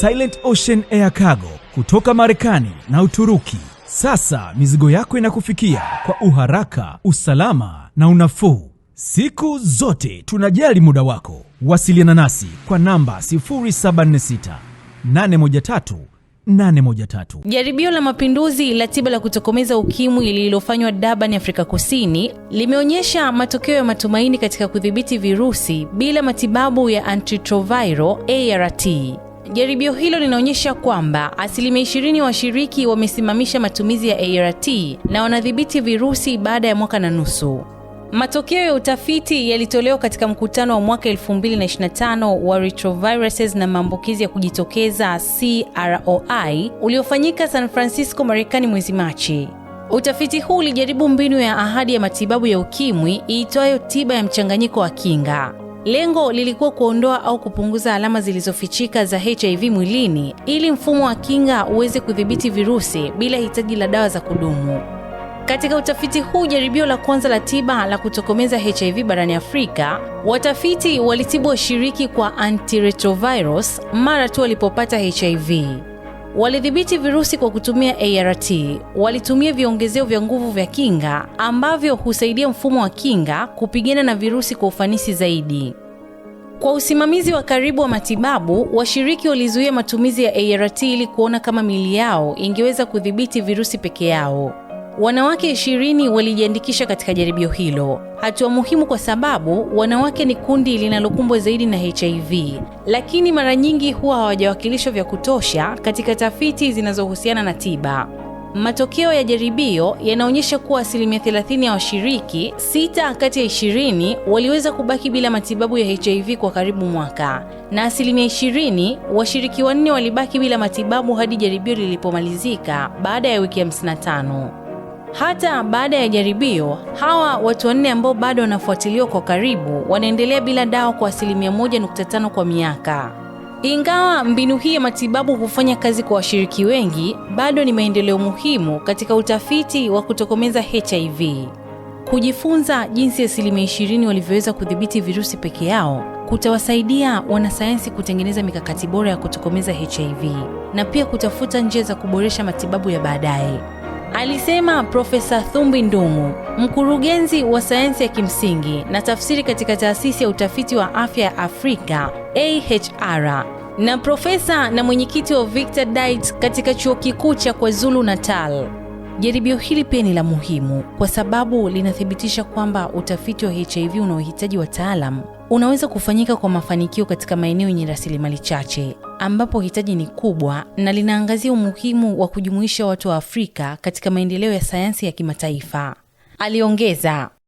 Silent Ocean Air Cargo kutoka Marekani na Uturuki. Sasa mizigo yako inakufikia kwa uharaka, usalama na unafuu. Siku zote tunajali muda wako. Wasiliana nasi kwa namba 076 813 Jaribio la mapinduzi la tiba la kutokomeza ukimwi lililofanywa Durban, Afrika Kusini limeonyesha matokeo ya matumaini katika kudhibiti virusi bila matibabu ya antiretroviral ART. Jaribio hilo linaonyesha kwamba asilimia ishirini washiriki wamesimamisha matumizi ya ART na wanadhibiti virusi baada ya mwaka na nusu. Matokeo ya utafiti yalitolewa katika mkutano wa mwaka 2025 wa retroviruses na maambukizi ya kujitokeza CROI uliofanyika San Francisco, Marekani mwezi Machi. Utafiti huu ulijaribu mbinu ya ahadi ya matibabu ya ukimwi iitwayo tiba ya mchanganyiko wa kinga. Lengo lilikuwa kuondoa au kupunguza alama zilizofichika za HIV mwilini ili mfumo wa kinga uweze kudhibiti virusi bila hitaji la dawa za kudumu. Katika utafiti huu, jaribio la kwanza la tiba la kutokomeza HIV barani Afrika, watafiti walitibu washiriki kwa antiretrovirus mara tu walipopata HIV. Walidhibiti virusi kwa kutumia ART. Walitumia viongezeo vya nguvu vya kinga ambavyo husaidia mfumo wa kinga kupigana na virusi kwa ufanisi zaidi. Kwa usimamizi wa karibu wa matibabu, washiriki walizuia matumizi ya ART ili kuona kama mili yao ingeweza kudhibiti virusi peke yao. Wanawake 20 walijiandikisha katika jaribio hilo, hatua muhimu kwa sababu wanawake ni kundi linalokumbwa zaidi na HIV, lakini mara nyingi huwa hawajawakilishwa vya kutosha katika tafiti zinazohusiana na tiba. Matokeo ya jaribio yanaonyesha kuwa asilimia 30 ya washiriki, sita kati ya 20 waliweza kubaki bila matibabu ya HIV kwa karibu mwaka, na asilimia 20 washiriki wanne walibaki bila matibabu hadi jaribio lilipomalizika baada ya wiki 55. Hata baada ya jaribio, hawa watu wanne ambao bado wanafuatiliwa kwa karibu wanaendelea bila dawa kwa asilimia 1.5 kwa miaka. Ingawa mbinu hii ya matibabu hufanya kazi kwa washiriki wengi, bado ni maendeleo muhimu katika utafiti wa kutokomeza HIV. Kujifunza jinsi asilimia 20 walivyoweza kudhibiti virusi peke yao kutawasaidia wanasayansi kutengeneza mikakati bora ya kutokomeza HIV na pia kutafuta njia za kuboresha matibabu ya baadaye alisema Profesa Thumbi Ndung'u, mkurugenzi wa sayansi ya kimsingi na tafsiri katika taasisi ya utafiti wa afya ya Afrika AHR na profesa na mwenyekiti wa Victor Diet katika chuo kikuu cha KwaZulu Natal. Jaribio hili pia ni la muhimu kwa sababu linathibitisha kwamba utafiti wa HIV unaohitaji wataalamu unaweza kufanyika kwa mafanikio katika maeneo yenye rasilimali chache ambapo hitaji ni kubwa na linaangazia umuhimu wa kujumuisha watu wa Afrika katika maendeleo ya sayansi ya kimataifa. Aliongeza,